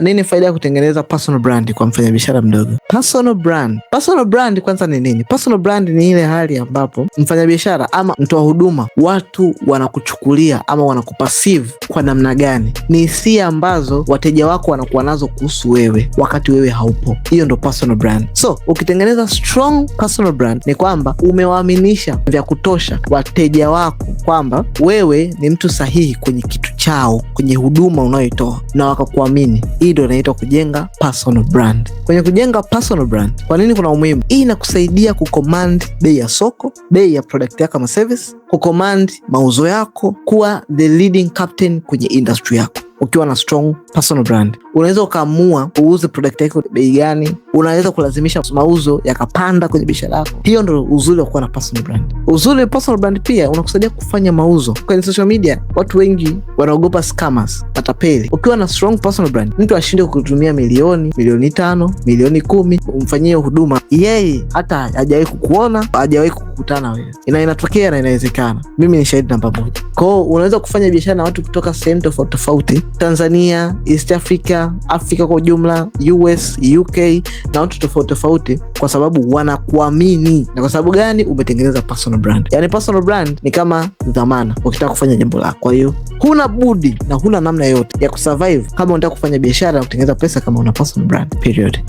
Nini faida ya kutengeneza personal brand kwa mfanyabiashara mdogo? Personal brand, personal brand kwanza ni nini? Personal brand ni ile hali ambapo mfanyabiashara ama mtoa huduma, watu wanakuchukulia ama wanakupasive kwa namna gani? Ni hisia ambazo wateja wako wanakuwa nazo kuhusu wewe wakati wewe haupo. Hiyo ndo personal brand. So ukitengeneza strong personal brand, ni kwamba umewaaminisha vya kutosha wateja wako kwamba wewe ni mtu sahihi kwenye kitu chao, kwenye huduma unayoitoa na wakakuamini. Hii ndo inaitwa kujenga personal brand. Kwenye kujenga personal brand, kwa nini kuna umuhimu? Hii inakusaidia kucommand bei ya soko, bei ya product yako ama service, kucommand mauzo yako, kuwa the leading captain kwenye industry yako ukiwa na strong personal brand unaweza ukaamua uuze product yako bei gani, unaweza kulazimisha mauzo yakapanda kwenye biashara yako. Hiyo ndo uzuri wa kuwa na personal brand. Uzuri wa personal brand pia unakusaidia kufanya mauzo kwenye social media. Watu wengi wanaogopa scammers, matapeli. Ukiwa na strong personal brand, mtu ashinde kutumia milioni, milioni tano, milioni kumi umfanyie huduma, yeye hata hajawahi kukuona, hajawahi kukutana wewe. Ina inatokea na inawezekana, mimi ni shahidi namba moja. Kwao unaweza kufanya biashara na watu kutoka sehemu tofauti tofauti, Tanzania, East Africa Afrika kwa ujumla, US, UK na watu tofauti tofauti, kwa sababu wanakuamini. Na kwa sababu gani? Umetengeneza personal brand. Yani personal brand ni kama dhamana ukitaka kufanya jambo lako. Kwa hiyo huna budi na huna namna yote ya kusurvive kama unataka kufanya biashara na kutengeneza pesa kama una personal brand period.